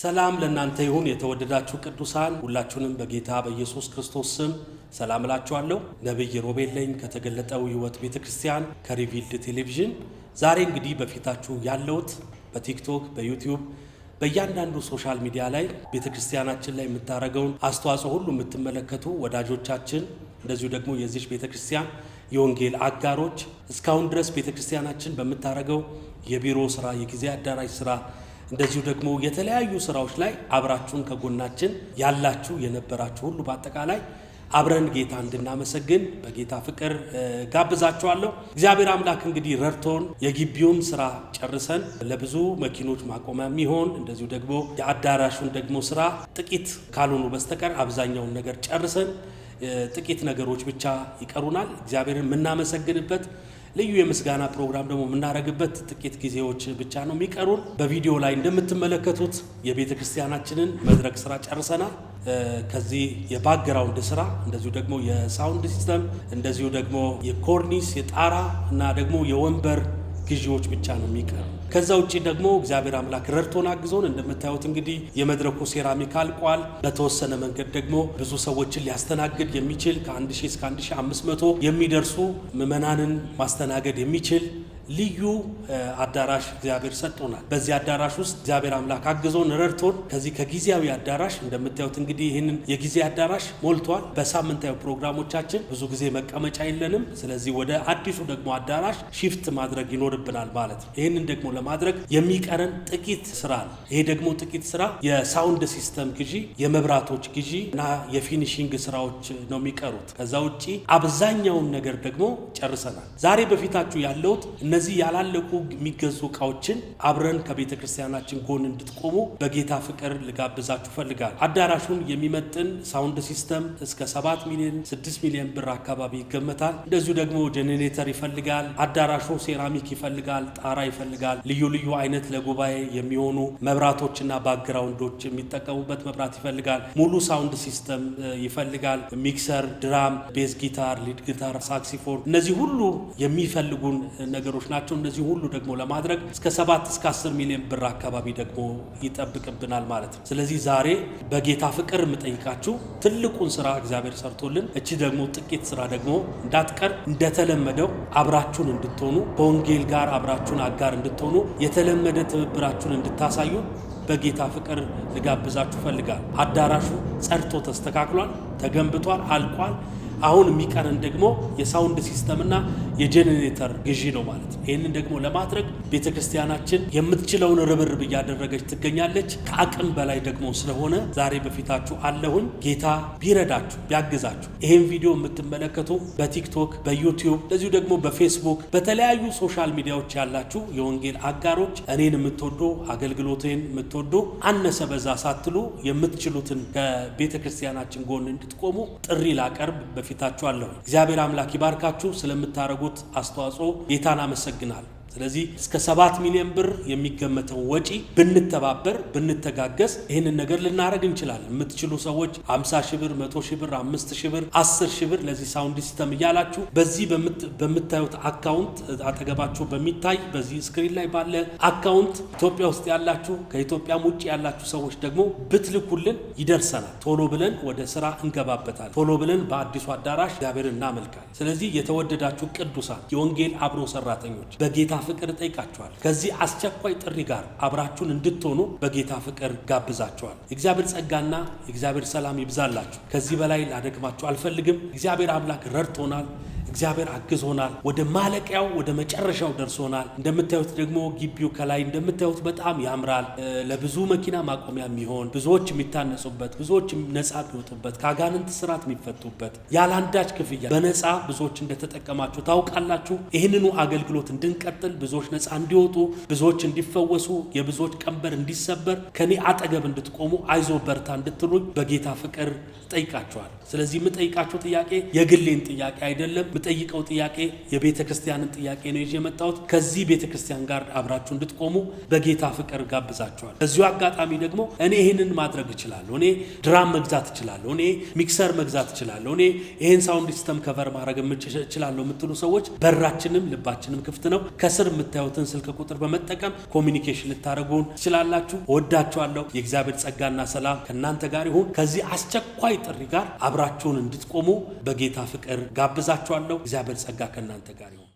ሰላም ለእናንተ ይሁን የተወደዳችሁ ቅዱሳን፣ ሁላችሁንም በጌታ በኢየሱስ ክርስቶስ ስም ሰላም እላችኋለሁ። ነቢይ ሮቤል ነኝ ከተገለጠው ሕይወት ቤተ ክርስቲያን ከሪቪልድ ቴሌቪዥን። ዛሬ እንግዲህ በፊታችሁ ያለሁት በቲክቶክ በዩቲዩብ በእያንዳንዱ ሶሻል ሚዲያ ላይ ቤተ ክርስቲያናችን ላይ የምታደርገውን አስተዋጽኦ ሁሉ የምትመለከቱ ወዳጆቻችን፣ እንደዚሁ ደግሞ የዚች ቤተ ክርስቲያን የወንጌል አጋሮች እስካሁን ድረስ ቤተ ክርስቲያናችን በምታደርገው የቢሮ ስራ፣ የጊዜ አዳራሽ ስራ እንደዚሁ ደግሞ የተለያዩ ስራዎች ላይ አብራችሁን ከጎናችን ያላችሁ የነበራችሁ ሁሉ በአጠቃላይ አብረን ጌታ እንድናመሰግን በጌታ ፍቅር ጋብዛችኋለሁ። እግዚአብሔር አምላክ እንግዲህ ረድቶን የግቢውን ስራ ጨርሰን ለብዙ መኪኖች ማቆሚያ የሚሆን እንደዚሁ ደግሞ የአዳራሹን ደግሞ ስራ ጥቂት ካልሆኑ በስተቀር አብዛኛውን ነገር ጨርሰን ጥቂት ነገሮች ብቻ ይቀሩናል። እግዚአብሔርን የምናመሰግንበት ልዩ የምስጋና ፕሮግራም ደግሞ የምናደርግበት ጥቂት ጊዜዎች ብቻ ነው የሚቀሩን። በቪዲዮ ላይ እንደምትመለከቱት የቤተ ክርስቲያናችንን መድረክ ስራ ጨርሰናል። ከዚህ የባክግራውንድ ስራ እንደዚሁ ደግሞ የሳውንድ ሲስተም እንደዚሁ ደግሞ የኮርኒስ የጣራ እና ደግሞ የወንበር ግዢዎች ብቻ ነው የሚቀሩ። ከዛ ውጭ ደግሞ እግዚአብሔር አምላክ ረድቶን አግዞን እንደምታዩት እንግዲህ የመድረኩ ሴራሚክ አልቋል። በተወሰነ መንገድ ደግሞ ብዙ ሰዎችን ሊያስተናግድ የሚችል ከ1000 እስከ 1500 የሚደርሱ ምዕመናንን ማስተናገድ የሚችል ልዩ አዳራሽ እግዚአብሔር ሰጥቶናል። በዚህ አዳራሽ ውስጥ እግዚአብሔር አምላክ አግዞን ረድቶን ከዚህ ከጊዜያዊ አዳራሽ እንደምታዩት እንግዲህ ይህንን የጊዜ አዳራሽ ሞልቷል። በሳምንታዊ ፕሮግራሞቻችን ብዙ ጊዜ መቀመጫ የለንም። ስለዚህ ወደ አዲሱ ደግሞ አዳራሽ ሺፍት ማድረግ ይኖርብናል ማለት ነው። ይህንን ደግሞ ለማድረግ የሚቀረን ጥቂት ስራ ነው። ይሄ ደግሞ ጥቂት ስራ የሳውንድ ሲስተም ግዢ፣ የመብራቶች ግዢ እና የፊኒሽንግ ስራዎች ነው የሚቀሩት። ከዛ ውጭ አብዛኛውን ነገር ደግሞ ጨርሰናል። ዛሬ በፊታችሁ ያለውት እነዚህ ያላለቁ የሚገዙ እቃዎችን አብረን ከቤተ ክርስቲያናችን ጎን እንድትቆሙ በጌታ ፍቅር ልጋብዛችሁ ፈልጋል። አዳራሹን የሚመጥን ሳውንድ ሲስተም እስከ 7 ሚሊዮን 6 ሚሊዮን ብር አካባቢ ይገመታል። እንደዚሁ ደግሞ ጄኔሬተር ይፈልጋል። አዳራሹ ሴራሚክ ይፈልጋል፣ ጣራ ይፈልጋል፣ ልዩ ልዩ አይነት ለጉባኤ የሚሆኑ መብራቶችና ባክግራውንዶች የሚጠቀሙበት መብራት ይፈልጋል። ሙሉ ሳውንድ ሲስተም ይፈልጋል። ሚክሰር፣ ድራም፣ ቤዝ ጊታር፣ ሊድ ጊታር፣ ሳክሲፎን እነዚህ ሁሉ የሚፈልጉን ነገሮች ነገሮች ናቸው። እነዚህ ሁሉ ደግሞ ለማድረግ እስከ ሰባት እስከ አስር ሚሊዮን ብር አካባቢ ደግሞ ይጠብቅብናል ማለት ነው። ስለዚህ ዛሬ በጌታ ፍቅር የምጠይቃችሁ ትልቁን ስራ እግዚአብሔር ሰርቶልን እቺ ደግሞ ጥቂት ስራ ደግሞ እንዳትቀር እንደተለመደው አብራችሁን እንድትሆኑ ከወንጌል ጋር አብራችሁን አጋር እንድትሆኑ የተለመደ ትብብራችሁን እንድታሳዩ በጌታ ፍቅር ልጋብዛችሁ ፈልጋል። አዳራሹ ጸድቶ ተስተካክሏል፣ ተገንብቷል፣ አልቋል። አሁን የሚቀረን ደግሞ የሳውንድ ሲስተምና የጄኔሬተር ግዢ ነው ማለት ነው። ይህንን ደግሞ ለማድረግ ቤተ ክርስቲያናችን የምትችለውን ርብርብ እያደረገች ትገኛለች። ከአቅም በላይ ደግሞ ስለሆነ ዛሬ በፊታችሁ አለሁኝ። ጌታ ቢረዳችሁ ቢያግዛችሁ፣ ይህን ቪዲዮ የምትመለከቱ በቲክቶክ በዩቲዩብ እንደዚሁ ደግሞ በፌስቡክ በተለያዩ ሶሻል ሚዲያዎች ያላችሁ የወንጌል አጋሮች እኔን የምትወዱ አገልግሎቴን የምትወዱ አነሰ በዛ ሳትሉ የምትችሉትን ከቤተ ክርስቲያናችን ጎን እንድትቆሙ ጥሪ ላቀርብ ከፊታችሁ አለሁ። እግዚአብሔር አምላክ ይባርካችሁ። ስለምታደርጉት አስተዋጽኦ ጌታን አመሰግናል። ስለዚህ እስከ ሰባት ሚሊዮን ብር የሚገመተው ወጪ ብንተባበር ብንተጋገዝ ይህንን ነገር ልናደረግ እንችላለን። የምትችሉ ሰዎች አምሳ ሺህ ብር፣ መቶ ሺህ ብር፣ አምስት ሺህ ብር፣ አስር ሺህ ብር ለዚህ ሳውንድ ሲስተም እያላችሁ በዚህ በምታዩት አካውንት አጠገባችሁ በሚታይ በዚህ ስክሪን ላይ ባለ አካውንት ኢትዮጵያ ውስጥ ያላችሁ ከኢትዮጵያም ውጭ ያላችሁ ሰዎች ደግሞ ብትልኩልን ይደርሰናል። ቶሎ ብለን ወደ ስራ እንገባበታል። ቶሎ ብለን በአዲሱ አዳራሽ እግዚአብሔር እናመልካል። ስለዚህ የተወደዳችሁ ቅዱሳን የወንጌል አብሮ ሰራተኞች በጌታ ፍቅር ጠይቃቸዋል። ከዚህ አስቸኳይ ጥሪ ጋር አብራችሁን እንድትሆኑ በጌታ ፍቅር ጋብዛችኋል። እግዚአብሔር ጸጋና እግዚአብሔር ሰላም ይብዛላችሁ። ከዚህ በላይ ላደግማችሁ አልፈልግም። እግዚአብሔር አምላክ ረድቶናል። እግዚአብሔር አግዞናል። ወደ ማለቂያው ወደ መጨረሻው ደርሶናል። እንደምታዩት ደግሞ ግቢው ከላይ እንደምታዩት በጣም ያምራል። ለብዙ መኪና ማቆሚያ የሚሆን ብዙዎች የሚታነጹበት፣ ብዙዎች ነጻ የሚወጡበት፣ ከአጋንንት ስርዓት የሚፈቱበት ያለ አንዳች ክፍያ በነጻ ብዙዎች እንደተጠቀማችሁ ታውቃላችሁ። ይህንኑ አገልግሎት እንድንቀጥል እንዲቀጥል፣ ብዙዎች ነፃ እንዲወጡ፣ ብዙዎች እንዲፈወሱ፣ የብዙዎች ቀንበር እንዲሰበር፣ ከኔ አጠገብ እንድትቆሙ፣ አይዞ በርታ እንድትሉኝ በጌታ ፍቅር ጠይቃቸዋል። ስለዚህ የምጠይቃቸው ጥያቄ የግሌን ጥያቄ አይደለም። የምጠይቀው ጥያቄ የቤተ ክርስቲያንን ጥያቄ ነው ይዤ የመጣሁት። ከዚህ ቤተ ክርስቲያን ጋር አብራችሁ እንድትቆሙ በጌታ ፍቅር ጋብዛቸዋል። በዚሁ አጋጣሚ ደግሞ እኔ ይህንን ማድረግ እችላለሁ፣ እኔ ድራም መግዛት እችላለሁ፣ እኔ ሚክሰር መግዛት እችላለሁ፣ እኔ ይህን ሳውንድ ሲስተም ከቨር ማድረግ እችላለሁ የምትሉ ሰዎች በራችንም ልባችንም ክፍት ነው። ከስር የምታዩትን ስልክ ቁጥር በመጠቀም ኮሚኒኬሽን ልታደርጉን ትችላላችሁ። ወዳችኋለሁ። የእግዚአብሔር ጸጋና ሰላም ከእናንተ ጋር ይሁን። ከዚህ አስቸኳይ ጥሪ ጋር አብራችሁን እንድትቆሙ በጌታ ፍቅር ጋብዛችኋለሁ። እግዚአብሔር ጸጋ ከእናንተ ጋር ይሁን።